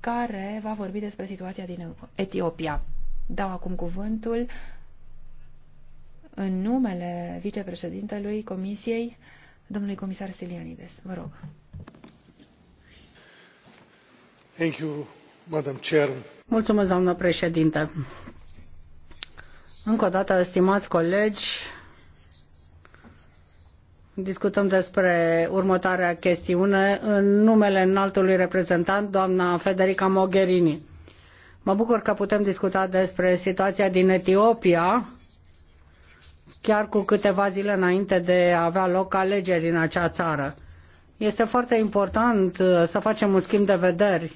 care va vorbi despre situația din Etiopia. Dau acum cuvântul în numele vicepreședintelui Comisiei, domnului comisar Silianides. Vă rog. Thank you, Madam Chair. Mulțumesc, doamnă președinte. Încă o dată, stimați colegi, Discutăm despre următoarea chestiune în numele înaltului reprezentant, doamna Federica Mogherini. Mă bucur că putem discuta despre situația din Etiopia, chiar cu câteva zile înainte de a avea loc alegeri în acea țară. Este foarte important uh, să facem un schimb de vederi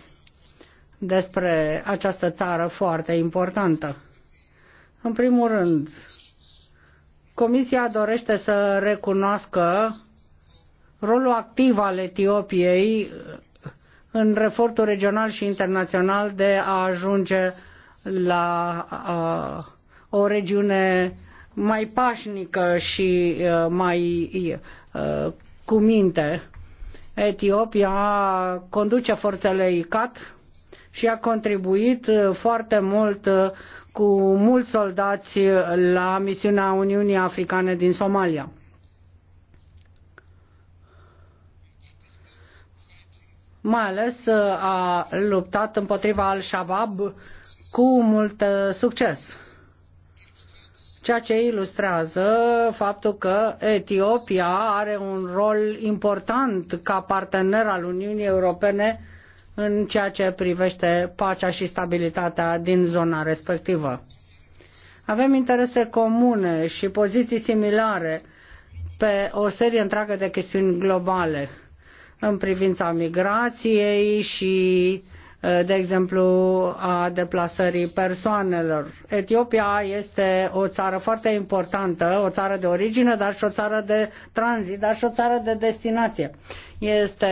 despre această țară foarte importantă. În primul rând, Comisia dorește să recunoască rolul activ al Etiopiei în efortul regional și internațional de a ajunge la o regiune mai pașnică și mai cu minte. Etiopia conduce forțele ICAT și a contribuit uh, foarte mult uh, cu mulți soldați la misiunea Uniunii Africane din Somalia. mai ales uh, a luptat împotriva al-Shabaab cu mult succes. Ceea ce ilustrează faptul că Etiopia are un rol important ca partener al Uniunii Europene în ceea ce privește pacea și stabilitatea din zona respectivă. Avem interese comune și poziții similare pe o serie întreagă de chestiuni globale în privința migrației și de exemplu, a deplasării persoanelor. Etiopia este o țară foarte importantă, o țară de origine, dar și o țară de tranzit, dar și o țară de destinație. Este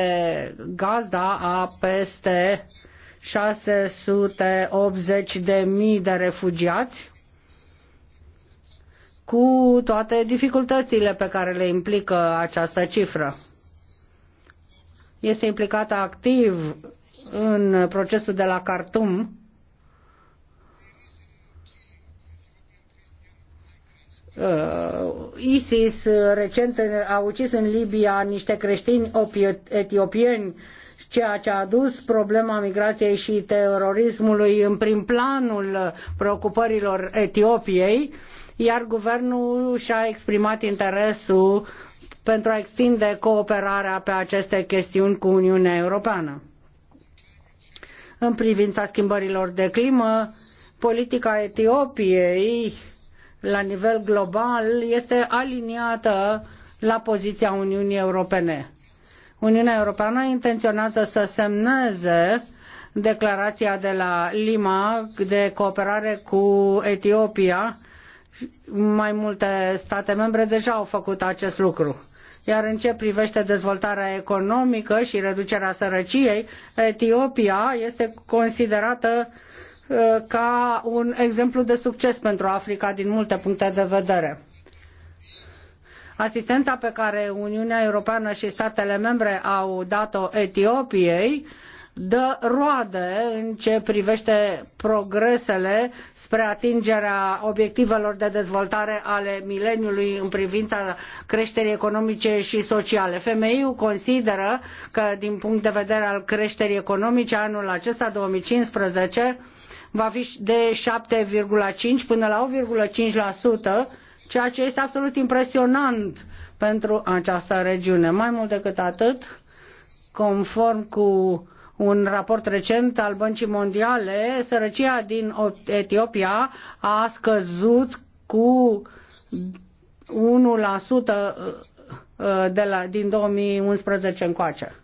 gazda a peste 680 de mii de refugiați cu toate dificultățile pe care le implică această cifră. Este implicată activ în procesul de la Khartoum, uh, ISIS recent a ucis în Libia niște creștini etiopieni, ceea ce a adus problema migrației și terorismului în prim planul preocupărilor Etiopiei, iar guvernul și-a exprimat interesul pentru a extinde cooperarea pe aceste chestiuni cu Uniunea Europeană în privința schimbărilor de climă. Politica Etiopiei la nivel global este aliniată la poziția Uniunii Europene. Uniunea Europeană intenționează să semneze declarația de la Lima de cooperare cu Etiopia. Mai multe state membre deja au făcut acest lucru. Iar în ce privește dezvoltarea economică și reducerea sărăciei, Etiopia este considerată uh, ca un exemplu de succes pentru Africa din multe puncte de vedere. Asistența pe care Uniunea Europeană și statele membre au dat-o Etiopiei dă roade în ce privește progresele spre atingerea obiectivelor de dezvoltare ale mileniului în privința creșterii economice și sociale. FMI-ul consideră că din punct de vedere al creșterii economice anul acesta 2015 va fi de 7,5 până la 8,5%, ceea ce este absolut impresionant pentru această regiune. Mai mult decât atât, conform cu un raport recent al Băncii Mondiale, sărăcia din Etiopia a scăzut cu 1% uh, de la, din 2011 încoace.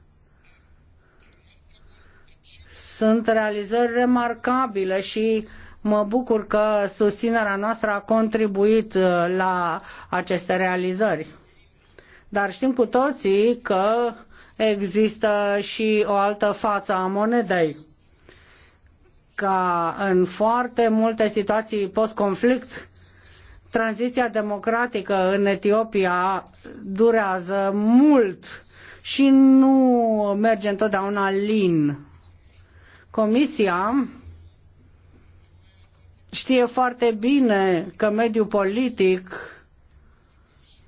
Sunt realizări remarcabile și mă bucur că susținerea noastră a contribuit uh, la aceste realizări. Dar știm cu toții că există și o altă față a monedei. Ca în foarte multe situații post-conflict, tranziția democratică în Etiopia durează mult și nu merge întotdeauna lin. Comisia știe foarte bine că mediul politic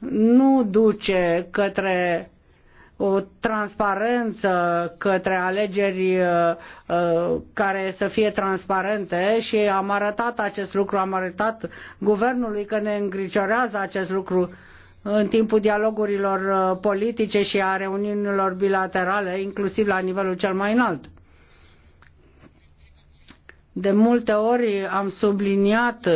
nu duce către o transparență către alegeri uh, uh, care să fie transparente și am arătat acest lucru, am arătat guvernului că ne îngrijorează acest lucru în timpul dialogurilor uh, politice și a reuniunilor bilaterale, inclusiv la nivelul cel mai înalt. De multe ori am subliniat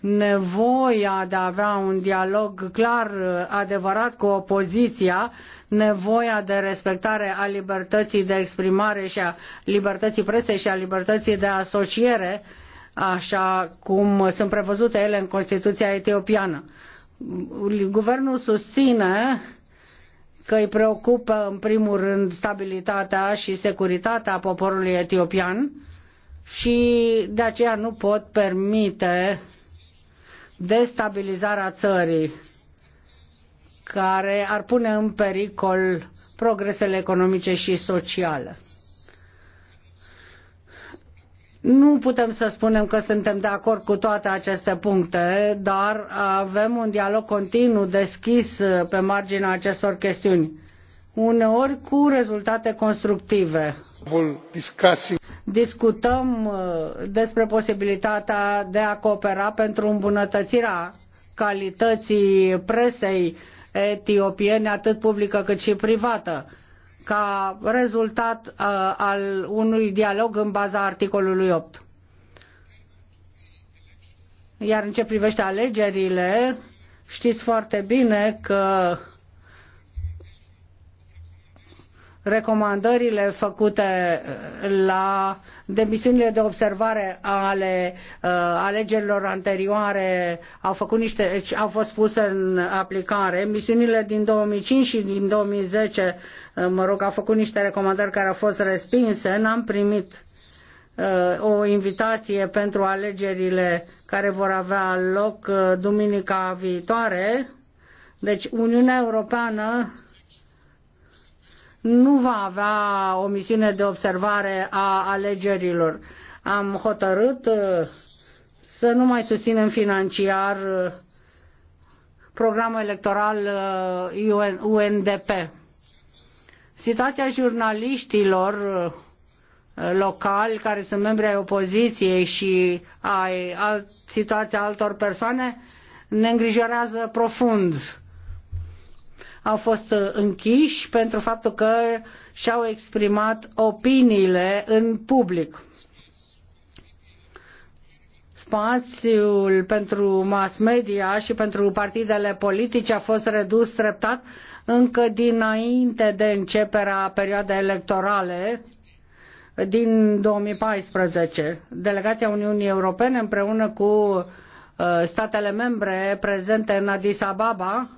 nevoia de a avea un dialog clar, adevărat cu opoziția, nevoia de respectare a libertății de exprimare și a libertății presei și a libertății de asociere, așa cum sunt prevăzute ele în Constituția etiopiană. Guvernul susține că îi preocupă în primul rând stabilitatea și securitatea poporului etiopian și de aceea nu pot permite destabilizarea țării care ar pune în pericol progresele economice și sociale. Nu putem să spunem că suntem de acord cu toate aceste puncte, dar avem un dialog continuu deschis pe marginea acestor chestiuni, uneori cu rezultate constructive discutăm uh, despre posibilitatea de a coopera pentru îmbunătățirea calității presei etiopiene, atât publică cât și privată, ca rezultat uh, al unui dialog în baza articolului 8. Iar în ce privește alegerile, știți foarte bine că recomandările făcute uh, la demisiunile de observare ale uh, alegerilor anterioare au, făcut niște, deci au fost puse în aplicare. Misiunile din 2005 și din 2010, uh, mă rog, au făcut niște recomandări care au fost respinse. N-am primit uh, o invitație pentru alegerile care vor avea loc uh, duminica viitoare. Deci Uniunea Europeană nu va avea o misiune de observare a alegerilor. Am hotărât uh, să nu mai susținem financiar uh, programul electoral UNDP. Uh, situația jurnaliștilor locali care sunt membri ai opoziției și ai situația altor persoane ne îngrijorează profund au fost uh, închiși pentru faptul că și-au exprimat opiniile în public. Spațiul pentru mass media și pentru partidele politice a fost redus treptat încă dinainte de începerea perioadei electorale din 2014. Delegația Uniunii Europene împreună cu uh, statele membre prezente în Addis Ababa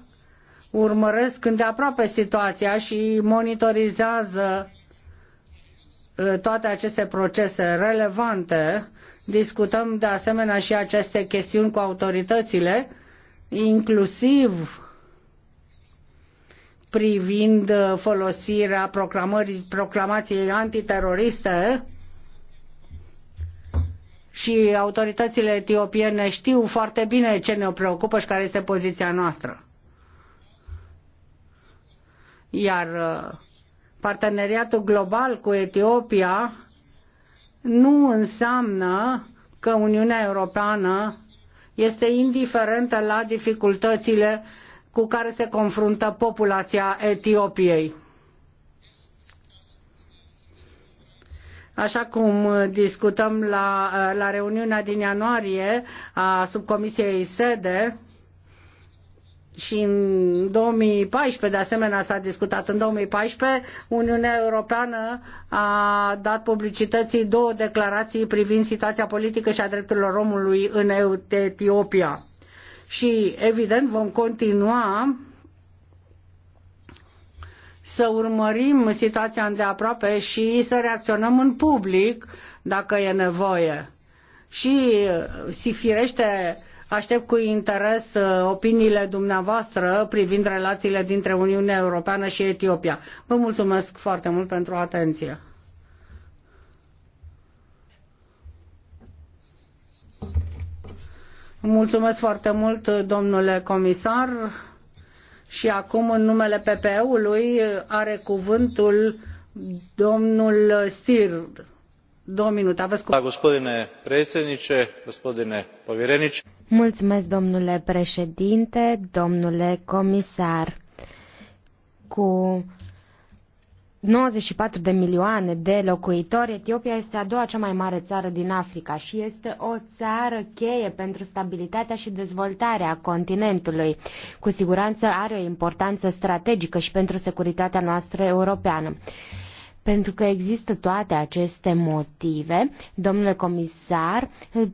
urmăresc îndeaproape situația și monitorizează uh, toate aceste procese relevante. Discutăm de asemenea și aceste chestiuni cu autoritățile, inclusiv privind uh, folosirea proclamației antiteroriste și autoritățile etiopiene știu foarte bine ce ne preocupă și care este poziția noastră. Iar uh, parteneriatul global cu Etiopia nu înseamnă că Uniunea Europeană este indiferentă la dificultățile cu care se confruntă populația Etiopiei. Așa cum discutăm la, uh, la reuniunea din ianuarie a subcomisiei SEDE, și în 2014, de asemenea s-a discutat, în 2014 Uniunea Europeană a dat publicității două declarații privind situația politică și a drepturilor omului în Etiopia. Și evident vom continua să urmărim situația îndeaproape și să reacționăm în public dacă e nevoie. Și, si firește, Aștept cu interes uh, opiniile dumneavoastră privind relațiile dintre Uniunea Europeană și Etiopia. Vă mulțumesc foarte mult pentru atenție. Mulțumesc foarte mult, domnule comisar. Și acum, în numele PPE-ului, are cuvântul domnul Stir. Da, gospodine predsjedniče gospodine povjereniče domnule președinte domnule comisar cu nouăzeci și patru de milioane de locuitori etiopia este a doua cea mai mare țară din africa și este o țară cheie pentru stabilitatea și dezvoltarea continentului. cu siguranță are o importanță strategică și pentru securitatea noastră europeană. Pentru că există toate aceste motive, domnule comisar,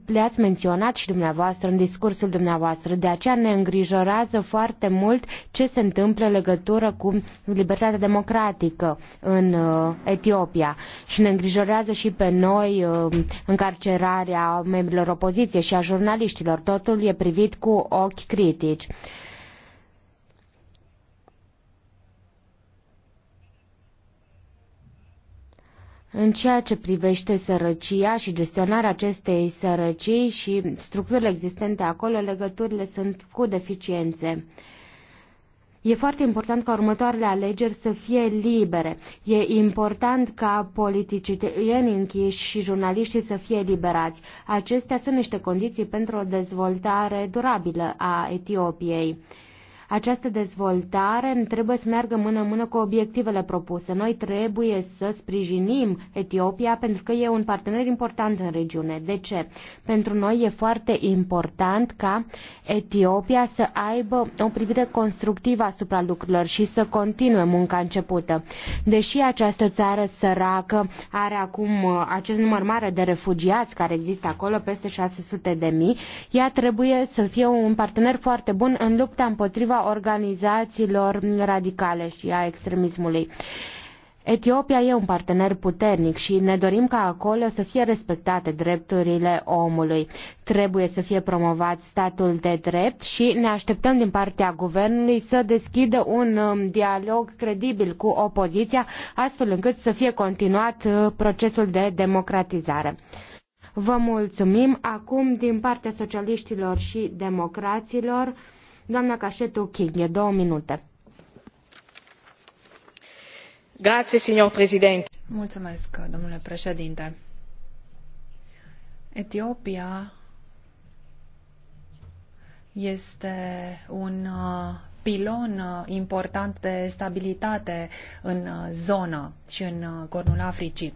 le-ați menționat și dumneavoastră în discursul dumneavoastră, de aceea ne îngrijorează foarte mult ce se întâmplă în legătură cu libertatea democratică în uh, Etiopia și ne îngrijorează și pe noi uh, încarcerarea membrilor opoziției și a jurnaliștilor. Totul e privit cu ochi critici. În ceea ce privește sărăcia și gestionarea acestei sărăcii și structurile existente acolo, legăturile sunt cu deficiențe. E foarte important ca următoarele alegeri să fie libere. E important ca politicienii închiși și jurnaliștii să fie liberați. Acestea sunt niște condiții pentru o dezvoltare durabilă a Etiopiei. Această dezvoltare trebuie să meargă mână-mână cu obiectivele propuse. Noi trebuie să sprijinim Etiopia pentru că e un partener important în regiune. De ce? Pentru noi e foarte important ca Etiopia să aibă o privire constructivă asupra lucrurilor și să continue munca începută. Deși această țară săracă are acum uh, acest număr mare de refugiați care există acolo, peste 600 de mii, ea trebuie să fie un partener foarte bun în lupta împotriva împotriva organizațiilor radicale și a extremismului. Etiopia e un partener puternic și ne dorim ca acolo să fie respectate drepturile omului. Trebuie să fie promovat statul de drept și ne așteptăm din partea guvernului să deschidă un um, dialog credibil cu opoziția, astfel încât să fie continuat uh, procesul de democratizare. Vă mulțumim. Acum, din partea socialiștilor și democraților, Doamna Cașetu King, două minute. Grazie, signor Presidente. Mulțumesc, domnule președinte. Etiopia este un uh, pilon uh, important de stabilitate în uh, zonă și în cornul Africii.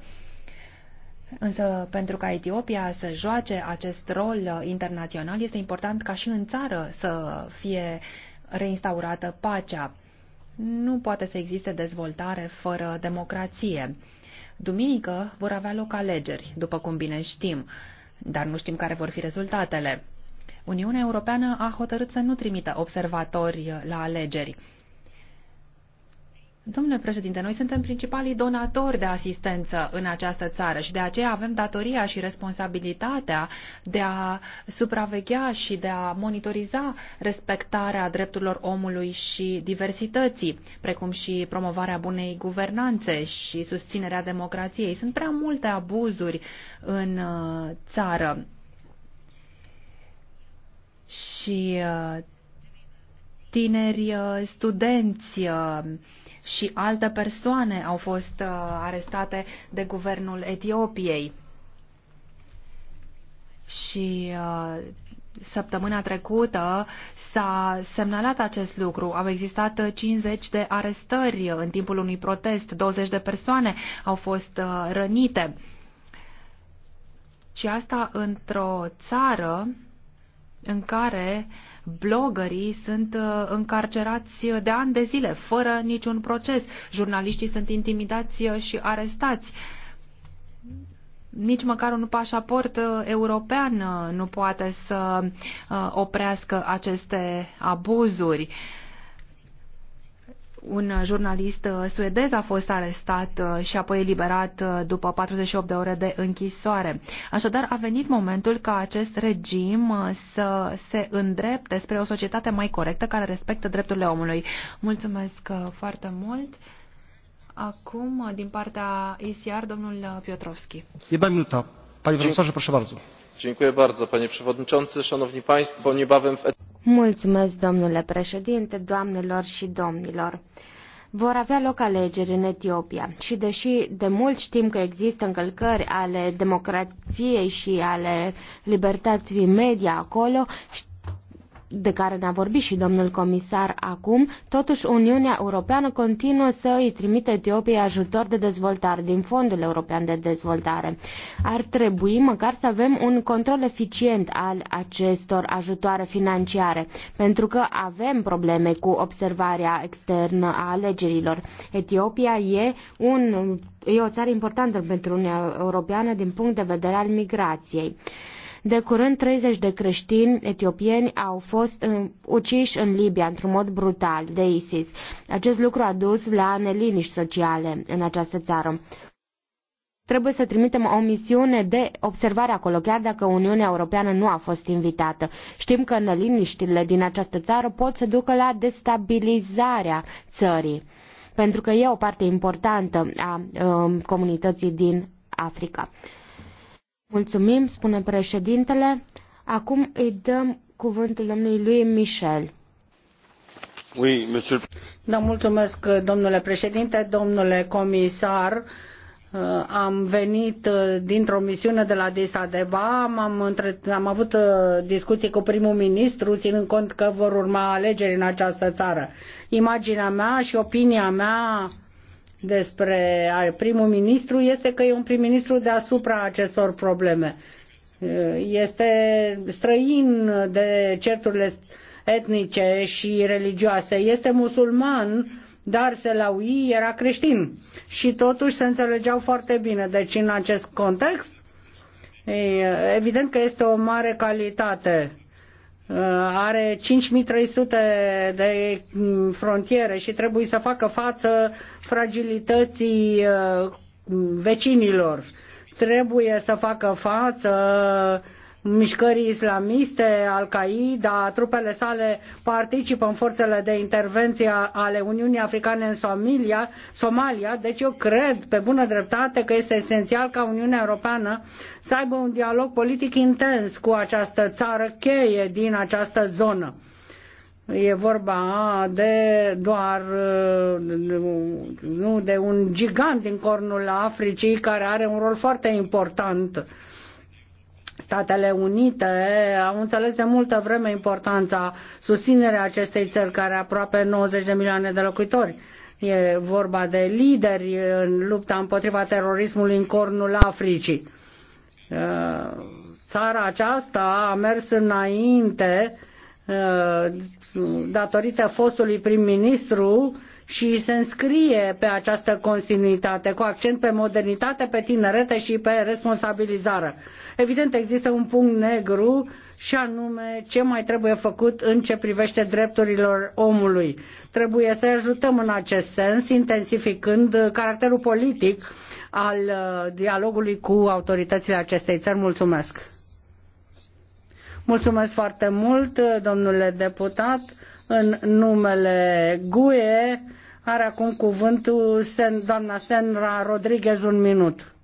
Însă, pentru ca Etiopia să joace acest rol uh, internațional, este important ca și în țară să fie reinstaurată pacea. Nu poate să existe dezvoltare fără democrație. Duminică vor avea loc alegeri, după cum bine știm, dar nu știm care vor fi rezultatele. Uniunea Europeană a hotărât să nu trimită observatori uh, la alegeri. Domnule președinte, noi suntem principalii donatori de asistență în această țară și de aceea avem datoria și responsabilitatea de a supraveghea și de a monitoriza respectarea drepturilor omului și diversității, precum și promovarea bunei guvernanțe și susținerea democrației. Sunt prea multe abuzuri în uh, țară și uh, tineri uh, studenți uh, și alte persoane au fost uh, arestate de guvernul Etiopiei. Și săptămâna trecută s-a semnalat acest lucru. Au existat 50 de arestări în timpul unui protest, 20 de persoane au fost rănite. Și asta într-o țară în care blogării sunt uh, încarcerați de ani de zile, fără niciun proces. Jurnaliștii sunt intimidați și arestați. Nici măcar un pașaport uh, european uh, nu poate să oprească aceste abuzuri un jurnalist uh, suedez a fost arestat uh, și apoi eliberat uh, după 48 de ore de închisoare. Așadar, a venit momentul ca acest regim să se îndrepte spre o societate mai corectă care respectă drepturile omului. Mulțumesc foarte mult. Acum, din partea ICR, domnul Piotrovski. Jedna minuta. Pani profesorze, proszę bardzo mulțumesc domnule președinte doamnelor și domnilor vor avea loc alegeri în Etiopia și deși de mult știm că există încălcări ale democrației și ale libertății media acolo, de care ne-a vorbit și domnul comisar acum, totuși Uniunea Europeană continuă să îi trimite Etiopiei ajutor de dezvoltare din Fondul European de Dezvoltare. Ar trebui măcar să avem un control eficient al acestor ajutoare financiare, pentru că avem probleme cu observarea externă a alegerilor. Etiopia e, un, e o țară importantă pentru Uniunea Europeană din punct de vedere al migrației. De curând, 30 de creștini etiopieni au fost uciși în Libia într-un mod brutal de ISIS. Acest lucru a dus la neliniști sociale în această țară trebuie să trimitem o misiune de observare acolo, chiar dacă Uniunea Europeană nu a fost invitată. Știm că neliniștile din această țară pot să ducă la destabilizarea țării, pentru că e o parte importantă a um, comunității din Africa. Mulțumim, spune președintele. Acum îi dăm cuvântul domnului lui Michel. Oui, monsieur... da, mulțumesc, domnule președinte, domnule comisar. Uh, am venit uh, dintr-o misiune de la Addis Abeba, am, între... am avut uh, discuții cu primul ministru, ținând cont că vor urma alegeri în această țară. Imaginea mea și opinia mea despre primul ministru este că e un prim-ministru deasupra acestor probleme. Este străin de certurile etnice și religioase. Este musulman, dar se Selaui era creștin și totuși se înțelegeau foarte bine. Deci în acest context, evident că este o mare calitate Uh, are 5300 de mm, frontiere și trebuie să facă față fragilității uh, vecinilor. Trebuie să facă față mișcării islamiste, Al-Qaeda, trupele sale participă în forțele de intervenție ale Uniunii Africane în Somalia, Somalia, deci eu cred pe bună dreptate că este esențial ca Uniunea Europeană să aibă un dialog politic intens cu această țară cheie din această zonă. E vorba de doar nu de un gigant din cornul Africii care are un rol foarte important Statele Unite au înțeles de multă vreme importanța susținerea acestei țări care are aproape 90 de milioane de locuitori. E vorba de lideri în lupta împotriva terorismului în cornul Africii. Țara aceasta a mers înainte datorită fostului prim-ministru și se înscrie pe această continuitate, cu accent pe modernitate, pe tinerete și pe responsabilizare. Evident, există un punct negru și anume ce mai trebuie făcut în ce privește drepturilor omului. Trebuie să ajutăm în acest sens, intensificând caracterul politic al uh, dialogului cu autoritățile acestei țări. Mulțumesc! Mulțumesc foarte mult, domnule deputat, în numele GUE. Are acum cuvântul doamna Senra Rodriguez un minut.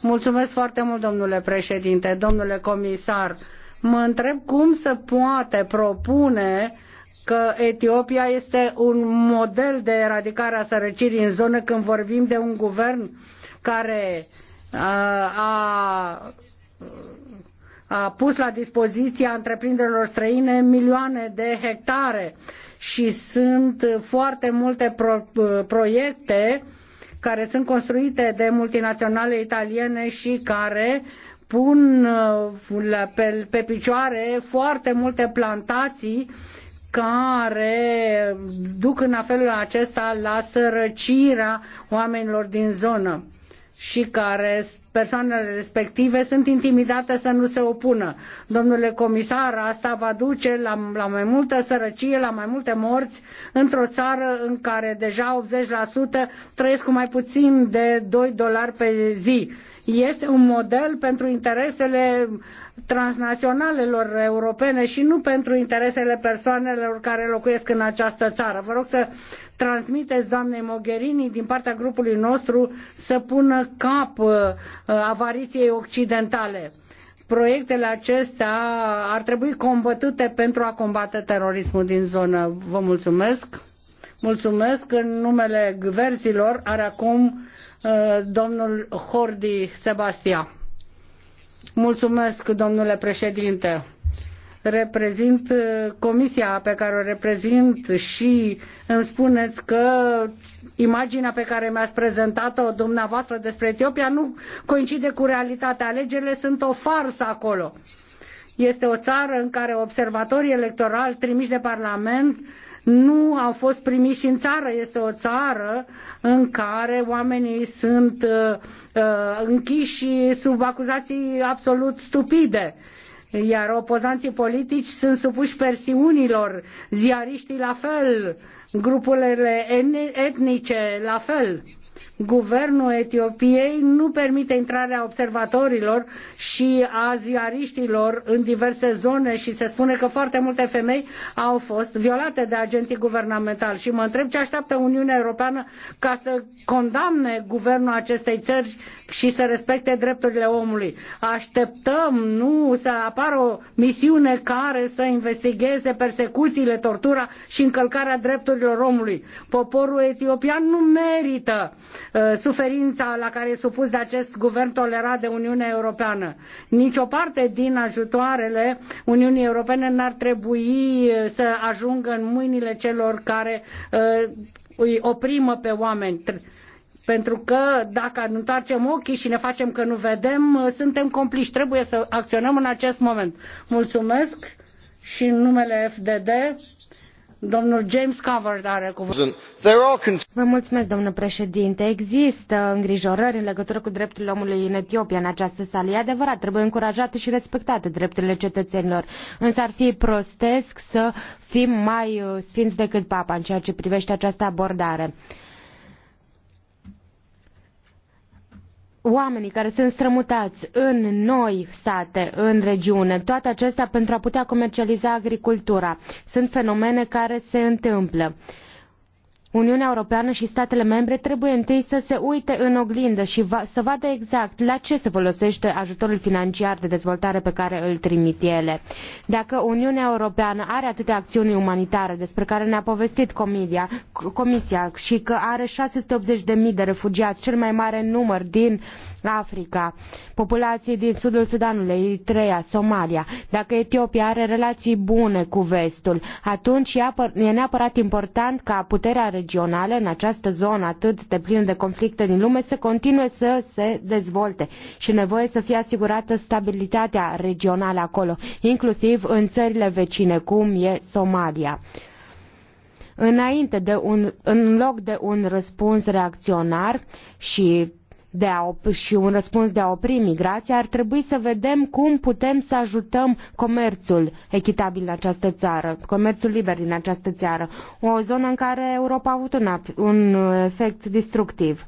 Mulțumesc foarte mult, domnule președinte, domnule comisar. Mă întreb cum se poate propune că Etiopia este un model de eradicare a sărăcirii în zonă când vorbim de un guvern care uh, a, a pus la dispoziția întreprinderilor străine milioane de hectare și sunt foarte multe pro, uh, proiecte uh, care sunt construite de multinaționale italiene și care pun uh, pe, pe picioare foarte multe plantații care duc în felul acesta la sărăcirea oamenilor din zonă și care persoanele respective sunt intimidate să nu se opună. Domnule comisar, asta va duce la, la mai multă sărăcie, la mai multe morți într-o țară în care deja 80% trăiesc cu mai puțin de 2 dolari pe zi. Este un model pentru interesele transnaționalelor europene și nu pentru interesele persoanelor care locuiesc în această țară. Vă rog să transmiteți doamnei Mogherini din partea grupului nostru să pună cap uh, avariției occidentale. Proiectele acestea ar trebui combătute pentru a combate terorismul din zonă. Vă mulțumesc! Mulțumesc în numele verzilor, are acum uh, domnul Hordi Sebastia. Mulțumesc, domnule președinte reprezint uh, comisia pe care o reprezint și îmi spuneți că imaginea pe care mi-ați prezentat-o dumneavoastră despre Etiopia nu coincide cu realitatea. Alegerile sunt o farsă acolo. Este o țară în care observatorii electorali trimiși de Parlament nu au fost primiși în țară. Este o țară în care oamenii sunt uh, uh închiși sub acuzații absolut stupide. Uh, iar opozanții politici sunt supuși persiunilor, ziariștii la fel, grupurile etnice la fel. Guvernul Etiopiei nu permite intrarea observatorilor și a ziariștilor în diverse zone și se spune că foarte multe femei au fost violate de agenții guvernamentali. Și mă întreb ce așteaptă Uniunea Europeană ca să condamne guvernul acestei țări și să respecte drepturile omului. Așteptăm, nu, să apară o misiune care să investigheze persecuțiile, tortura și încălcarea drepturilor omului. Poporul etiopian nu merită uh, suferința la care e supus de acest guvern tolerat de Uniunea Europeană. Nici o parte din ajutoarele Uniunii Europene n-ar trebui uh, să ajungă în mâinile celor care uh, îi oprimă pe oameni pentru că dacă întoarcem ochii și ne facem că nu vedem, suntem compliși. Trebuie să acționăm în acest moment. Mulțumesc și în numele FDD, domnul James Covard are cuvântul. Vă mulțumesc, domnule președinte. Există îngrijorări în legătură cu drepturile omului în Etiopia în această sală. E adevărat, trebuie încurajate și respectate drepturile cetățenilor. Însă ar fi prostesc să fim mai uh, sfinți decât papa în ceea ce privește această abordare. oamenii care sunt strămutați în noi sate, în regiune, toate acestea pentru a putea comercializa agricultura. Sunt fenomene care se întâmplă. Uniunea Europeană și statele membre trebuie întâi să se uite în oglindă și va, să vadă exact la ce se folosește ajutorul financiar de dezvoltare pe care îl trimit ele. Dacă Uniunea Europeană are atâtea acțiuni umanitare despre care ne-a povestit Comedia, Comisia și că are 680.000 de refugiați, cel mai mare număr din uh, Africa, populații din sudul Sudanului, Eritrea, Somalia. Dacă Etiopia are relații bune cu vestul, atunci e neapărat important ca puterea regională în această zonă atât de plină de conflicte din lume să continue să se dezvolte și nevoie să fie asigurată stabilitatea regională acolo, inclusiv în țările vecine, cum e Somalia înainte de un, în loc de un răspuns reacționar și de a op- și un răspuns de a opri migrația, ar trebui să vedem cum putem să ajutăm comerțul echitabil în această țară, comerțul liber din această țară, o zonă în care Europa a avut un, un efect destructiv.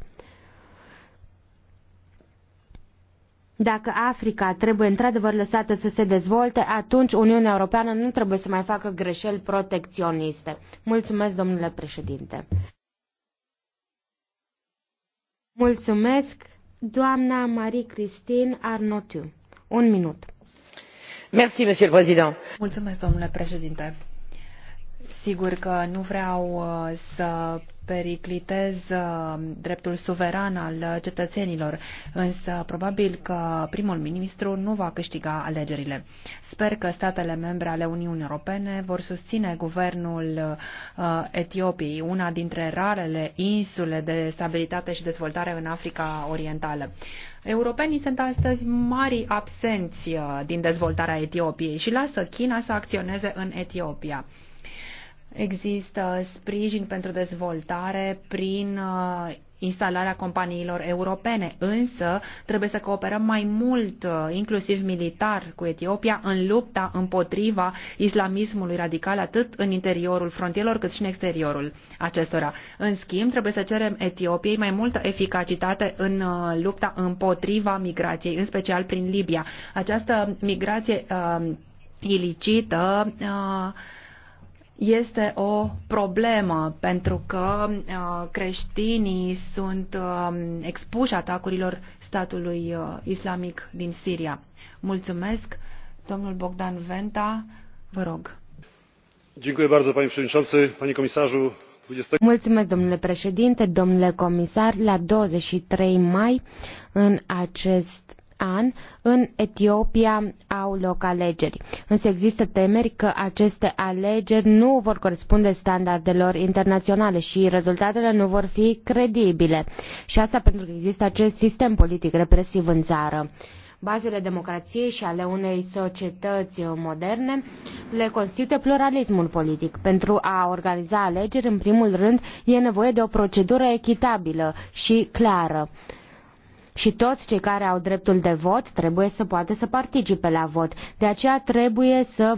Dacă Africa trebuie într-adevăr lăsată să se dezvolte, atunci Uniunea Europeană nu trebuie să mai facă greșeli protecționiste. Mulțumesc, domnule președinte. Mulțumesc, doamna Marie-Christine Arnotiu. Un minut. Mulțumesc, domnule președinte Sigur că nu vreau uh, să periclitez uh, dreptul suveran al cetățenilor, însă probabil că primul ministru nu va câștiga alegerile. Sper că statele membre ale Uniunii Europene vor susține guvernul uh, Etiopiei, una dintre rarele insule de stabilitate și dezvoltare în Africa Orientală. Europenii sunt astăzi mari absenți din dezvoltarea Etiopiei și lasă China să acționeze în Etiopia. Există sprijin pentru dezvoltare prin uh, instalarea companiilor europene, însă trebuie să cooperăm mai mult, uh, inclusiv militar, cu Etiopia în lupta împotriva islamismului radical, atât în interiorul frontierelor, cât și în exteriorul acestora. În schimb, trebuie să cerem Etiopiei mai multă eficacitate în uh, lupta împotriva migrației, în special prin Libia. Această migrație uh, ilicită uh, este o problemă pentru că uh, creștinii sunt um, expuși atacurilor statului uh, islamic din Siria. Mulțumesc, domnul Bogdan Venta, vă rog. Mulțumesc, domnule președinte, domnule comisar. La 23 mai, în acest an în Etiopia au loc alegeri. Însă există temeri că aceste alegeri nu vor corespunde standardelor internaționale și rezultatele nu vor fi credibile. Și asta pentru că există acest sistem politic represiv în țară bazele democrației și ale unei societăți moderne le constituie pluralismul politic. Pentru a organiza alegeri, în primul rând, e nevoie de o procedură echitabilă și clară și toți cei care au dreptul de vot trebuie să poată să participe la vot. De aceea trebuie să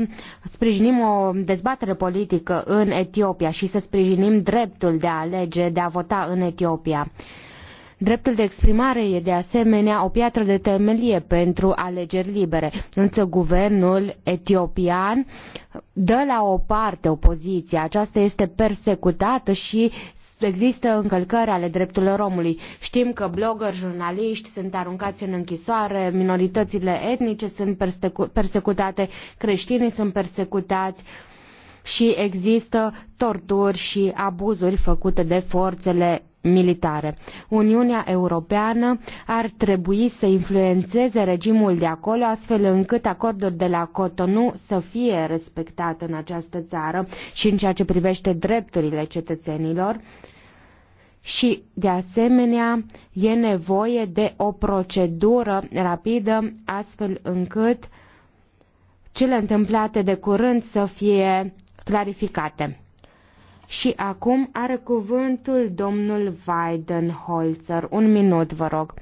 sprijinim o dezbatere politică în Etiopia și să sprijinim dreptul de a alege, de a vota în Etiopia. Dreptul de exprimare e de asemenea o piatră de temelie pentru alegeri libere, însă guvernul etiopian dă la o parte opoziția. Aceasta este persecutată și există încălcări ale drepturilor omului. Știm că blogger, jurnaliști sunt aruncați în închisoare, minoritățile etnice sunt persecutate, creștinii sunt persecutați și există torturi și abuzuri făcute de forțele militare. Uniunea Europeană ar trebui să influențeze regimul de acolo astfel încât acordul de la Cotonou să fie respectat în această țară și în ceea ce privește drepturile cetățenilor și, de asemenea, e nevoie de o procedură rapidă astfel încât cele întâmplate de curând să fie clarificate. Și acum are cuvântul domnul Weidenholzer. Un minut, vă rog.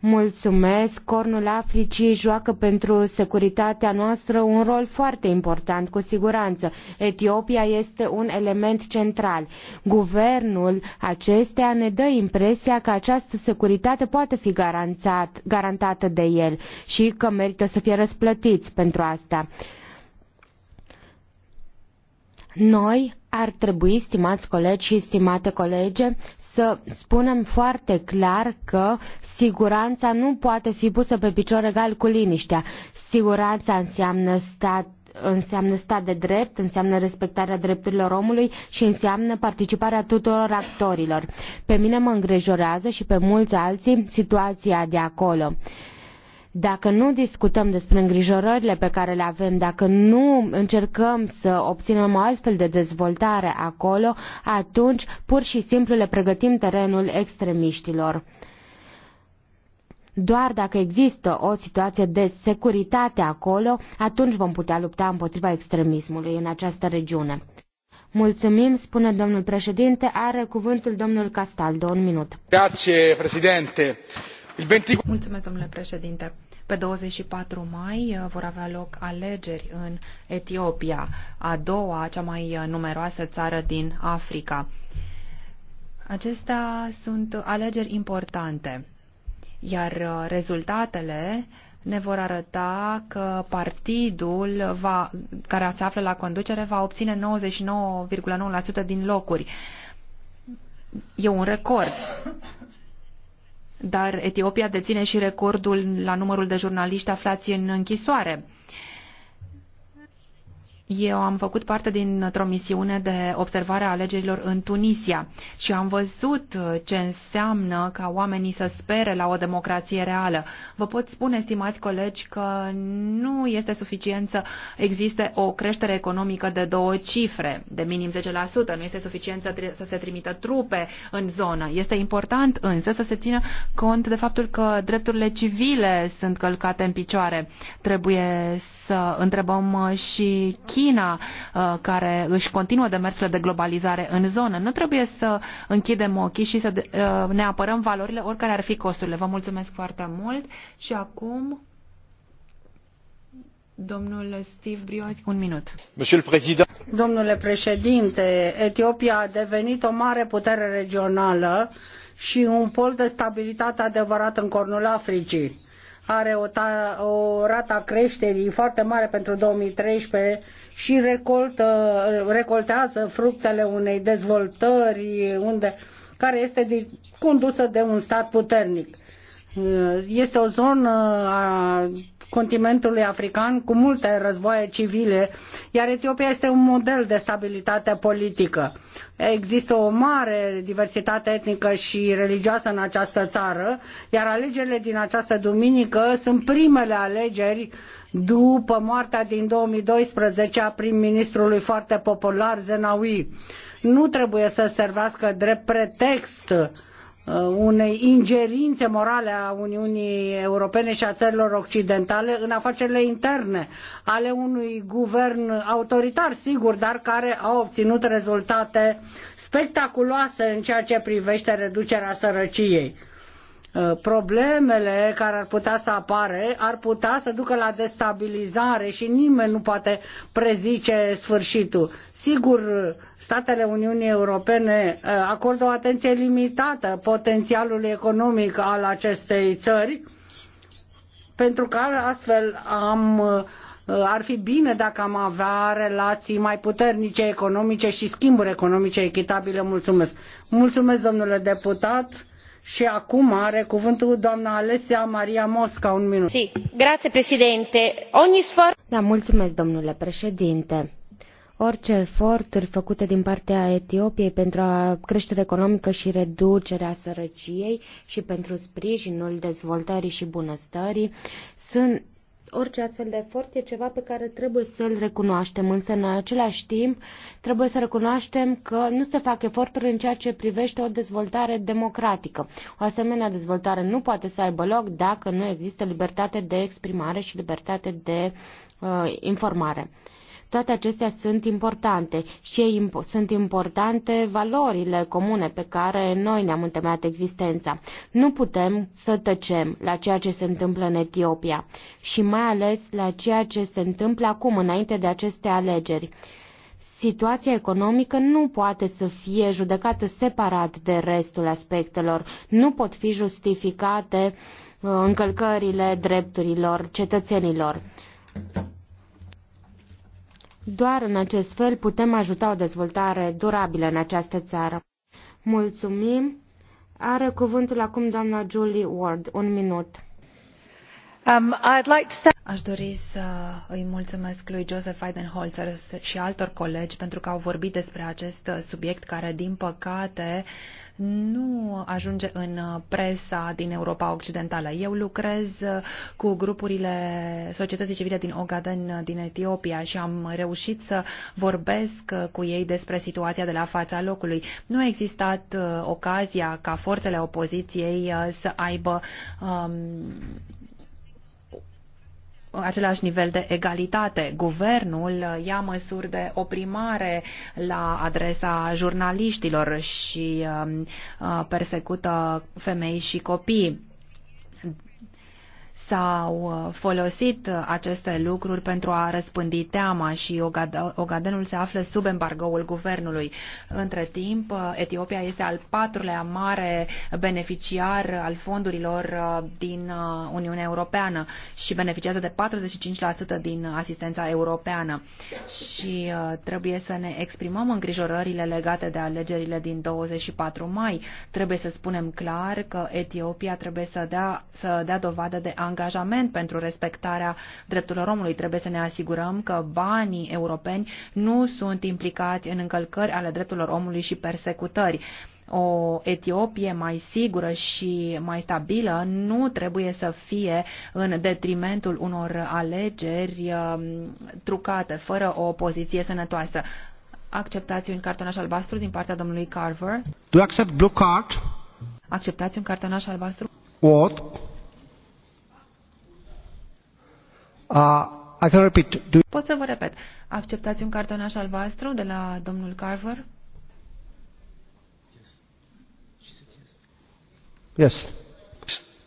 Mulțumesc! Cornul Africii joacă pentru securitatea noastră un rol foarte important, cu siguranță. Etiopia este un element central. Guvernul acestea ne dă impresia că această securitate poate fi garantat, garantată de el și că merită să fie răsplătiți pentru asta. Noi ar trebui, stimați colegi și stimate colege, să spunem foarte clar că siguranța nu poate fi pusă pe picior egal cu liniștea. Siguranța înseamnă stat înseamnă stat de drept, înseamnă respectarea drepturilor omului și înseamnă participarea tuturor actorilor. Pe mine mă îngrijorează și pe mulți alții situația de acolo. Uh, dacă nu discutăm despre îngrijorările pe care le avem, dacă nu încercăm să obținem o altfel de dezvoltare acolo, atunci pur și simplu le pregătim terenul extremiștilor. Doar dacă există o situație de securitate acolo, atunci vom putea lupta împotriva extremismului în această regiune. Mulțumim, spune domnul președinte. Are cuvântul domnul Castaldo. Un minut. Grazie, președinte. 20... Mulțumesc, domnule președinte pe 24 mai uh, vor avea loc alegeri în Etiopia, a doua, cea mai uh, numeroasă țară din Africa. Acestea sunt alegeri importante, iar uh, rezultatele ne vor arăta că partidul va, care se află la conducere va obține 99,9% din locuri. E un record dar Etiopia deține și recordul la numărul de jurnaliști aflați în închisoare. Uh, eu am făcut parte dintr-o misiune de observare a alegerilor în Tunisia și am văzut ce înseamnă ca oamenii să spere la o democrație reală. Vă pot spune, stimați colegi, că nu este suficient să existe o creștere economică de două cifre, de minim 10%. Nu este suficient să, să se trimită trupe în zonă. Este important însă să se țină cont de faptul că drepturile civile sunt călcate în picioare. Trebuie să întrebăm și China uh, care își continuă demersurile de globalizare în zonă. Nu trebuie să închidem ochii și să uh, ne apărăm valorile oricare ar fi costurile. Vă mulțumesc foarte mult și acum Domnul Steve Briot, un minut. Domnule președinte, Etiopia a devenit o mare putere regională și un pol de stabilitate adevărat în cornul Africii. Are o, o rată a creșterii foarte mare pentru 2013 și recoltă, recoltează fructele unei dezvoltări unde, care este de, condusă de un stat puternic. Este o zonă a continentului african cu multe războaie civile, iar Etiopia este un model de stabilitate politică. Există o mare diversitate etnică și religioasă în această țară, iar alegerile din această duminică sunt primele alegeri uh, după moartea din 2012 a prim-ministrului foarte popular Zenawi. Nu trebuie să servească drept pretext uh, unei ingerințe morale a Uniunii Europene și a țărilor occidentale în afacerile interne ale unui guvern autoritar, sigur, dar care a obținut rezultate spectaculoase în ceea ce privește reducerea sărăciei Uh, problemele care ar putea să apare ar putea să ducă la destabilizare și nimeni nu poate prezice sfârșitul. Sigur, statele Uniunii Europene uh, acordă o atenție limitată potențialului economic al acestei țări, pentru că astfel am uh, ar fi bine dacă am avea relații mai puternice economice și schimburi economice echitabile. Mulțumesc. Mulțumesc, domnule deputat. Și acum are doamna Maria Mosca, un minut. Da, mulțumesc, domnule președinte. Orice eforturi făcute din partea Etiopiei pentru creșterea creștere economică și reducerea sărăciei și pentru sprijinul dezvoltării și bunăstării sunt orice astfel de efort e ceva pe care trebuie să-l recunoaștem, însă în același timp trebuie să recunoaștem că nu se fac eforturi în ceea ce privește o dezvoltare democratică. O asemenea dezvoltare nu poate să aibă loc dacă nu există libertate de exprimare și libertate de uh, informare. Toate acestea sunt importante și imp- sunt importante valorile comune pe care noi ne-am întemeiat existența. Nu putem să tăcem la ceea ce se întâmplă în Etiopia și mai ales la ceea ce se întâmplă acum, înainte de aceste alegeri situația economică nu poate să fie judecată separat de restul aspectelor. Nu pot fi justificate uh, încălcările drepturilor cetățenilor. Doar în acest fel putem ajuta o dezvoltare durabilă în această țară. Mulțumim. Are cuvântul acum doamna Julie Ward. Un minut. Um, I'd like to Aș dori să îi mulțumesc lui Joseph Eidenholzer și altor colegi pentru că au vorbit despre acest subiect care, din păcate, nu ajunge în uh, presa din Europa Occidentală. Eu lucrez uh, cu grupurile societății civile din Ogaden, uh, din Etiopia și am reușit să vorbesc cu ei despre situația de la fața locului. Nu a existat ocazia ca forțele opoziției să aibă um, același nivel de egalitate. Guvernul ia măsuri de oprimare la adresa jurnaliștilor și um, uh, persecută femei și copii s-au uh, folosit uh, aceste lucruri pentru a răspândi teama și Ogadenul se află sub embargoul guvernului. Între timp, uh, Etiopia este al patrulea mare beneficiar al fondurilor din Uniunea Europeană și beneficiază de 45% din asistența europeană. Și trebuie să ne exprimăm îngrijorările legate de alegerile din 24 mai. Trebuie să spunem clar că Etiopia trebuie să dea, să dea dovadă de angajament angajament pentru respectarea drepturilor omului. Trebuie să ne asigurăm că banii europeni nu sunt implicați în încălcări ale drepturilor omului și persecutări o Etiopie mai sigură și mai stabilă nu trebuie să fie în detrimentul unor alegeri um, trucate, fără o poziție sănătoasă. Acceptați un cartonaș albastru din partea domnului Carver? Do you accept blue card? Acceptați un cartonaș albastru? What? Uh, I can repeat. Do... Pot să vă repet. Acceptați un cartonaș albastru de la domnul Carver? Yes.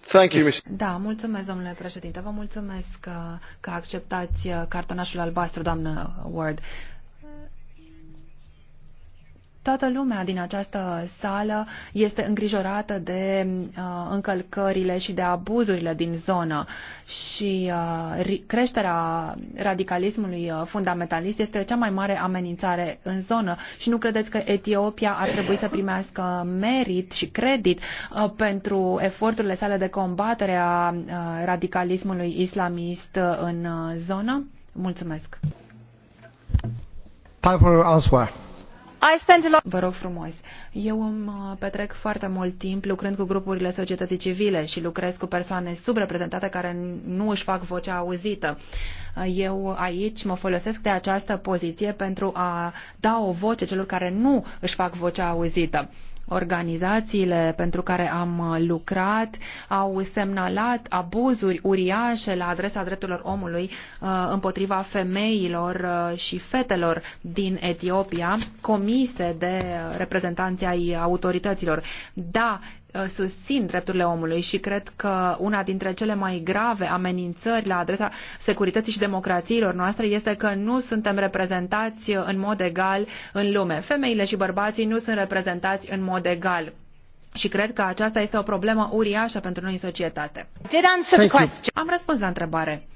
Thank you, Mr. Da, mulțumesc, domnule președinte. Vă mulțumesc că, uh, că acceptați uh, cartonașul albastru, doamnă Ward. Uh, Toată lumea din această sală este îngrijorată de uh, încălcările și de abuzurile din zonă și uh, creșterea radicalismului uh, fundamentalist este cea mai mare amenințare în zonă și nu credeți că Etiopia ar trebui să primească merit și credit uh, pentru eforturile sale de combatere a uh, radicalismului islamist uh, în uh, zonă? Mulțumesc! Time for elsewhere. I spend a lot... Vă rog frumos. Eu îmi uh, petrec foarte mult timp lucrând cu grupurile societății civile și lucrez cu persoane subreprezentate care nu își fac vocea auzită. Uh, eu aici mă folosesc de această poziție pentru a da o voce celor care nu își fac vocea auzită. Organizațiile pentru care am lucrat au semnalat abuzuri uriașe la adresa drepturilor omului uh, împotriva femeilor uh, și fetelor din Etiopia comise de reprezentanții ai autorităților. Da, Uh, susțin drepturile omului și cred că una dintre cele mai grave amenințări la adresa securității și democrațiilor noastre este că nu suntem reprezentați în mod egal în lume. Femeile și bărbații nu sunt reprezentați în mod egal. Și cred că aceasta este o problemă uriașă pentru noi în societate. Am răspuns la întrebare.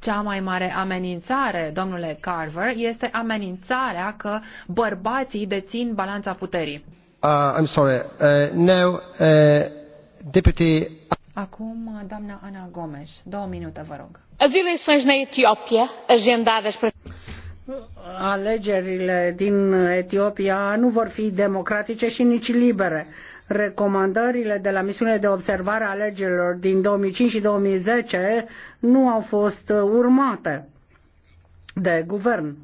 Cea mai mare amenințare, domnule Carver, este amenințarea că bărbații dețin balanța puterii. Uh, I'm sorry. Uh, now, uh, Deputy... Acum, uh, doamna Ana Gomes, două minute, vă rog. As eleições na Etiópia, agendadas para... Alegerile din Etiopia nu vor fi democratice și nici libere. Recomandările de la misiunea de observare a alegerilor din 2005 și 2010 nu au fost urmate de guvern.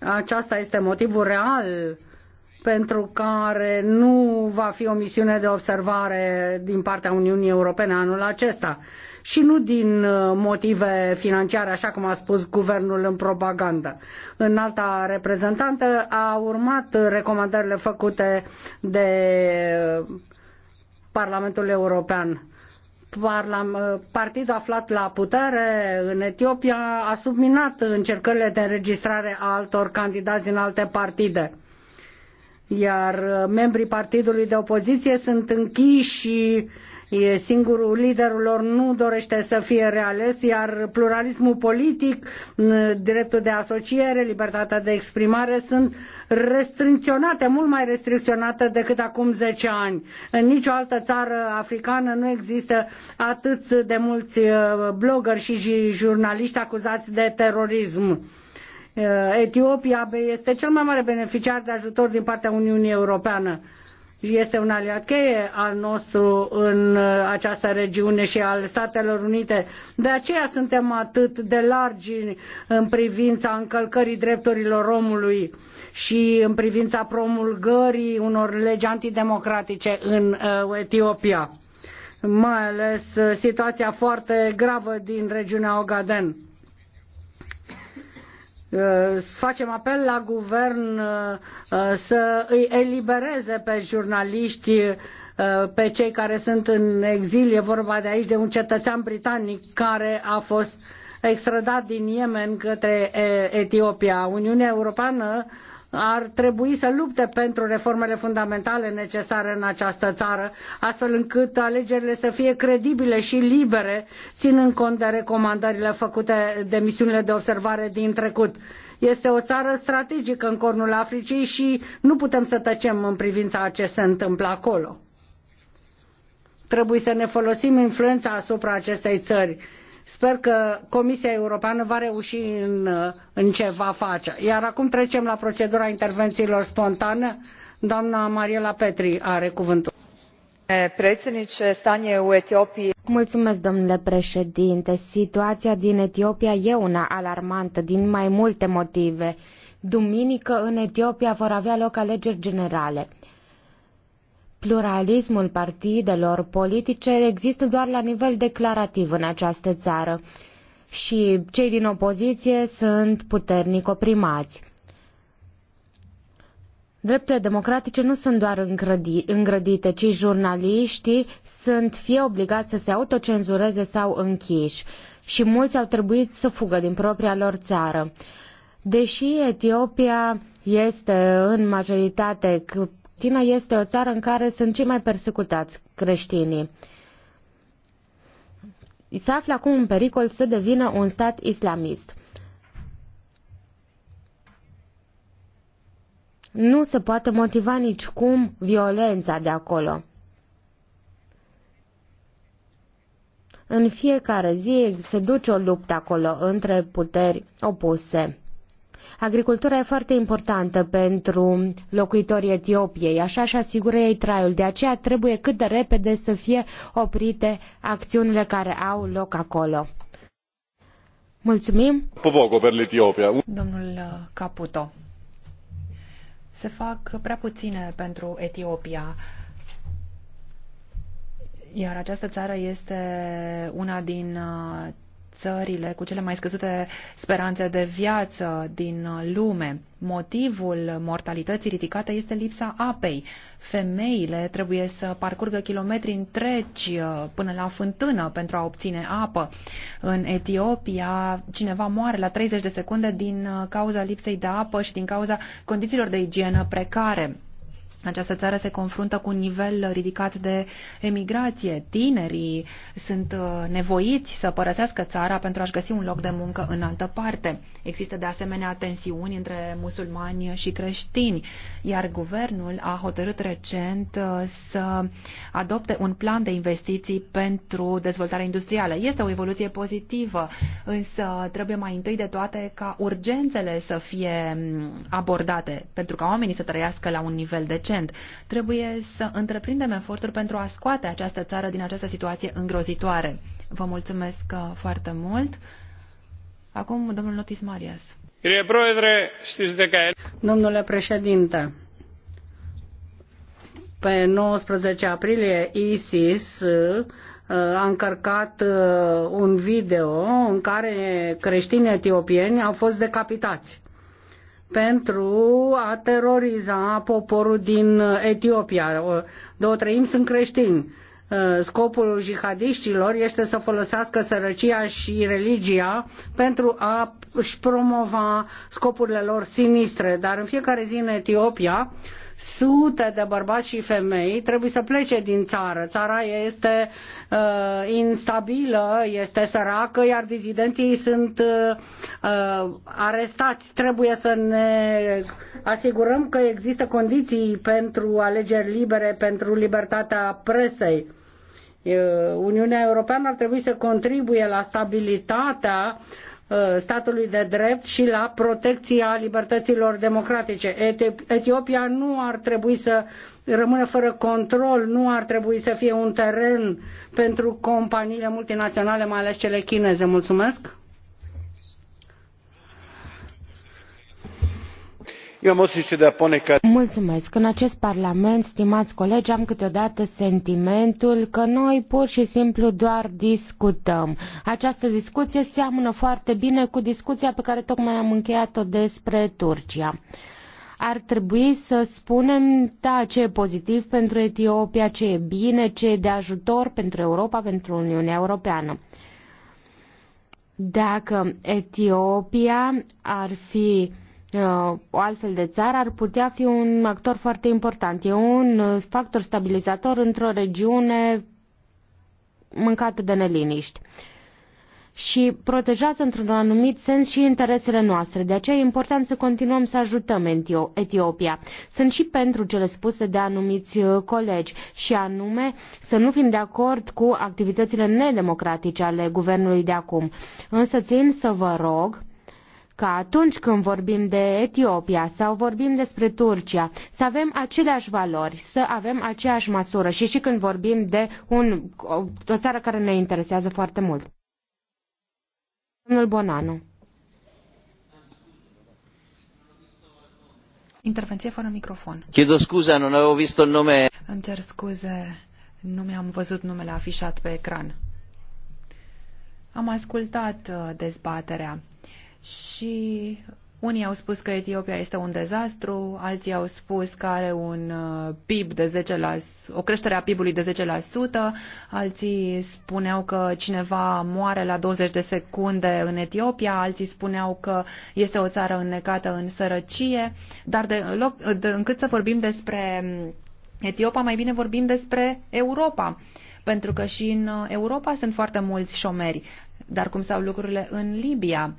Aceasta este motivul real uh, pentru care nu va fi o misiune de observare din partea Uniunii Europene anul acesta și nu din uh, motive financiare, așa cum a spus guvernul în propagandă. În alta reprezentantă a urmat recomandările făcute de uh, Parlamentul European. Uh, partidul aflat la putere în Etiopia a subminat încercările de înregistrare a altor candidați din alte partide iar uh, membrii partidului de opoziție sunt închiși e singurul liderul lor nu dorește să fie reales, iar pluralismul politic, dreptul de asociere, libertatea de exprimare sunt restricționate, mult mai restricționate decât acum zece ani. În nicio altă țară africană nu există atât de mulți uh, blogări și jurnaliști acuzați de terorism Eh, Etiopia este cel mai mare beneficiar de ajutor din partea Uniunii Europeană. Este un aliat cheie al nostru în eh, această regiune și al Statelor Unite. De aceea suntem atât de largi în privința încălcării drepturilor omului și în privința promulgării unor legi antidemocratice în eh, Etiopia mai ales situația foarte gravă din regiunea Ogaden Uh, să facem apel la guvern uh, uh, să îi elibereze pe jurnaliști pe cei care sunt în exil. E vorba de aici de un cetățean britanic care a fost extradat din Yemen către Etiopia. Uniunea Europeană ar trebui să lupte pentru reformele fundamentale necesare în această țară, astfel încât alegerile să fie credibile și libere, ținând cont de recomandările făcute de misiunile de observare din trecut. Este o țară strategică în cornul Africii și nu putem să tăcem în privința a ce se întâmplă acolo. Trebuie să ne folosim influența asupra acestei țări Sper că Comisia Europeană va reuși în, în ce va face. Iar acum trecem la procedura intervențiilor spontane. Doamna Mariela Petri are cuvântul. Predsjedniče, u Etiopii. Mulțumesc, domnule președinte. Situația din Etiopia e una alarmantă din mai multe motive. Duminică în Etiopia vor avea loc alegeri generale. Pluralismul partidelor politice există doar la nivel declarativ în această țară și cei din opoziție sunt puternic oprimați. Drepturile democratice nu sunt doar îngrădite, ci jurnaliștii sunt fie obligați să se autocenzureze sau închiși și mulți au trebuit să fugă din propria lor țară. Deși Etiopia este în majoritate Palestina este o țară în care sunt cei mai persecutați creștinii. Se află acum în pericol să devină un stat islamist. Nu se poate motiva nicicum violența de acolo. În fiecare zi se duce o luptă acolo între puteri opuse. Agricultura e foarte importantă pentru locuitorii Etiopiei, așa și asigură ei traiul. De aceea trebuie cât de repede să fie oprite acțiunile care au loc acolo. Mulțumim. Domnul Caputo. Se fac prea puține pentru Etiopia. Iar această țară este una din țările cu cele mai scăzute speranțe de viață din lume. Motivul mortalității ridicate este lipsa apei. Femeile trebuie să parcurgă kilometri întregi uh, până la fântână pentru a obține apă. În Etiopia, cineva moare la 30 de secunde din uh, cauza lipsei de apă și din cauza condițiilor de igienă precare. Această țară se confruntă cu un nivel ridicat de emigrație. Tinerii sunt uh, nevoiți să părăsească țara pentru a-și găsi un loc de muncă în altă parte. Există de asemenea tensiuni între musulmani și creștini, iar guvernul a hotărât recent uh, să adopte un plan de investiții pentru dezvoltarea industrială. Este o evoluție pozitivă, însă trebuie mai întâi de toate ca urgențele să fie mm, abordate pentru ca oamenii să trăiască la un nivel decent suficient. Trebuie să întreprindem eforturi pentru a scoate această țară din această situație îngrozitoare. Vă mulțumesc uh, foarte mult. Acum, domnul Notis Marias. Domnule președinte, pe 19 aprilie ISIS uh, a încărcat uh, un video în care creștini etiopieni au fost decapitați pentru a teroriza poporul din Etiopia. Două treimi sunt creștini. Uh, scopul jihadiștilor este să folosească sărăcia și religia pentru a și promova scopurile lor sinistre. Dar în fiecare zi în Etiopia sute de bărbați și femei trebuie să plece din țară. Țara este uh, instabilă, este săracă, iar dizidenții sunt uh, arestați. Trebuie să ne asigurăm că există condiții pentru alegeri libere, pentru libertatea presei. Uh, Uniunea Europeană ar trebui să contribuie la stabilitatea uh, Uh, statului de drept și la protecția libertăților democratice. Etiopia nu ar trebui să rămână fără control, nu ar trebui să fie un teren pentru companiile multinaționale, mai ales cele chineze. Mulțumesc! Mulțumesc. În acest parlament, stimați colegi, am câteodată sentimentul că noi pur și simplu doar discutăm. Această discuție seamănă foarte bine cu discuția pe care tocmai am încheiat-o despre Turcia ar trebui să spunem, da, ce e pozitiv pentru Etiopia, ce e bine, ce e de ajutor pentru Europa, pentru Uniunea Europeană. Dacă Etiopia ar fi Uh, o altfel de țară ar putea fi un actor foarte important. E un uh, factor stabilizator într-o regiune mâncată de neliniști și protejează într-un anumit sens și interesele noastre. De aceea e important să continuăm să ajutăm Etiopia. Sunt și pentru cele spuse de anumiți uh, colegi și anume să nu fim de acord cu activitățile nedemocratice ale guvernului de acum. Însă țin să vă rog ca atunci când vorbim de Etiopia sau vorbim despre Turcia, să avem aceleași valori, să avem aceeași măsură și și când vorbim de un, o, o țară care ne interesează foarte mult. Domnul Bonanu. Intervenție fără microfon. Chiedo scuze, non avevo visto il nome. Îmi cer scuze, nu mi-am văzut numele afișat pe ecran. Am ascultat uh, dezbaterea și unii au spus că Etiopia este un dezastru, alții au spus că are un uh, PIB de 10%, la, o creștere a PIB-ului de 10%, alții spuneau că cineva moare la 20 de secunde în Etiopia, alții spuneau că este o țară înnecată în sărăcie, dar de, loc, de, încât să vorbim despre mm, Etiopia, mai bine vorbim despre Europa, pentru că și în uh, Europa sunt foarte mulți șomeri, dar cum stau lucrurile în Libia?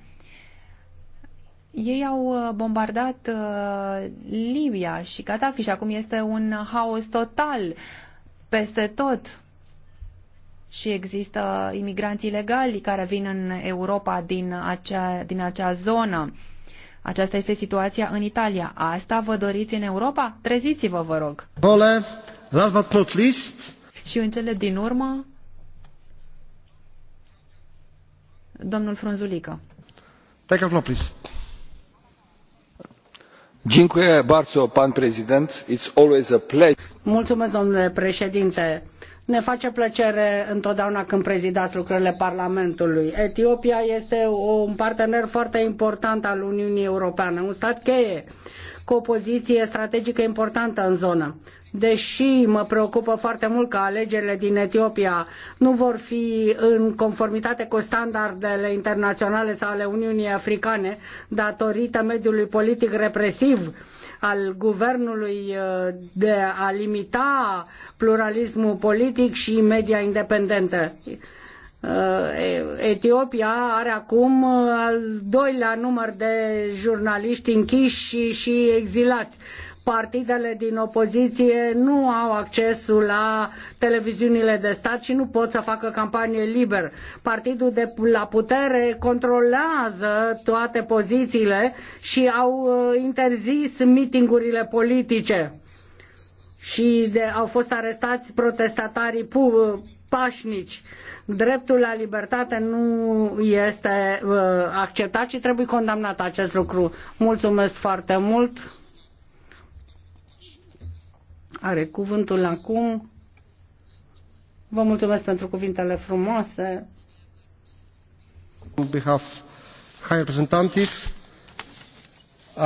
Ei au uh, bombardat uh, Libia și Gaddafi și acum este un haos total peste tot și există imigranți ilegali care vin în Europa din acea, din acea zonă. Aceasta este situația în Italia. Asta vă doriți în Europa? Treziți-vă, vă rog. Ole, last but not least. Și în cele din urmă, domnul Frunzulică. Take a floor, please. Mulțumesc, domnule președinte. Ne face plăcere întotdeauna când prezidați lucrările Parlamentului. Etiopia este un partener foarte important al Uniunii Europene, un stat cheie cu o poziție strategică importantă în zonă. Deși mă preocupă foarte mult că alegerile din Etiopia nu vor fi în conformitate cu standardele internaționale sau ale Uniunii Africane, datorită mediului politic represiv, al guvernului uh, de a limita pluralismul politic și media independentă. Uh, Etiopia are acum uh, al doilea număr de jurnaliști închiși și exilați partidele din opoziție nu au accesul la televiziunile de stat și nu pot să facă campanie liber. Partidul de la putere controlează toate pozițiile și au uh, interzis mitingurile politice și de, au fost arestați protestatarii pu- pașnici. Dreptul la libertate nu este uh, acceptat și trebuie condamnat acest lucru. Mulțumesc foarte mult. Are cuvântul acum. Vă mulțumesc pentru cuvintele frumoase. On behalf High Representative, uh,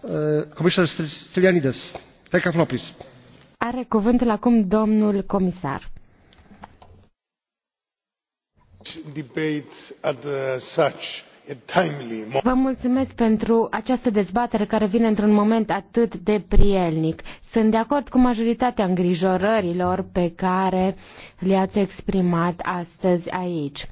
uh, Commissioner Stylianides. Decaflopis. Are cuvântul acum domnul comisar. Vă mulțumesc pentru această dezbatere care vine într-un moment atât de prielnic. Sunt de acord cu majoritatea îngrijorărilor pe care le-ați exprimat astăzi aici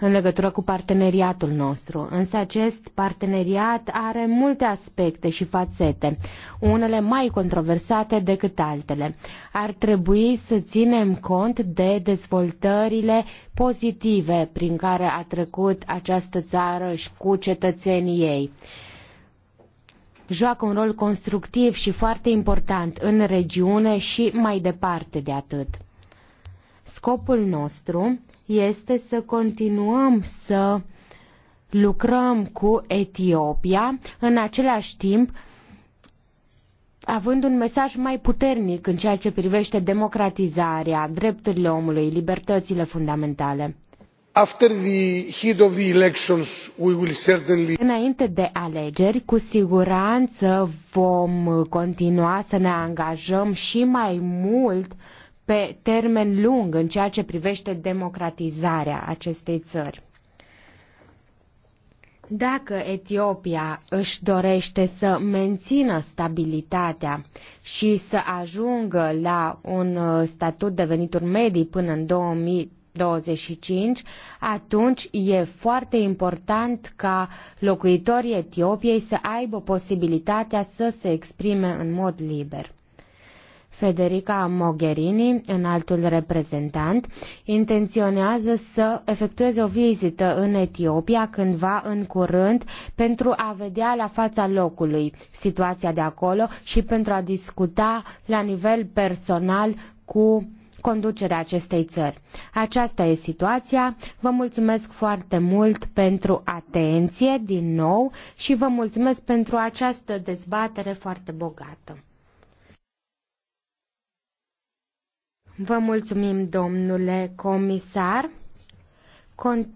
în legătură cu parteneriatul nostru. Însă acest parteneriat are multe aspecte și fațete, unele mai controversate decât altele. Ar trebui să ținem cont de dezvoltările pozitive prin care a trecut această țară și cu cetățenii ei joacă un rol constructiv și foarte important în regiune și mai departe de atât. Scopul nostru este să continuăm să lucrăm cu Etiopia, în același timp având un mesaj mai puternic în ceea ce privește democratizarea, drepturile omului, libertățile fundamentale. After the heat of the elections, we will certainly... Înainte de alegeri, cu siguranță vom continua să ne angajăm și mai mult uh, pe termen lung în ceea ce privește democratizarea acestei țări. Dacă Etiopia își dorește să mențină stabilitatea și să ajungă la un uh, statut de venituri medii până în 2025, atunci e foarte important ca locuitorii Etiopiei să aibă posibilitatea să se exprime în mod liber. Federica Mogherini, altul reprezentant, intenționează să efectueze o vizită în Etiopia cândva în curând pentru a vedea la fața locului situația de acolo și pentru a discuta la nivel personal cu conducerea acestei țări. Aceasta e situația. Vă mulțumesc foarte mult pentru atenție din nou și vă mulțumesc pentru această dezbatere foarte bogată. Vă mulțumim, domnule comisar. Con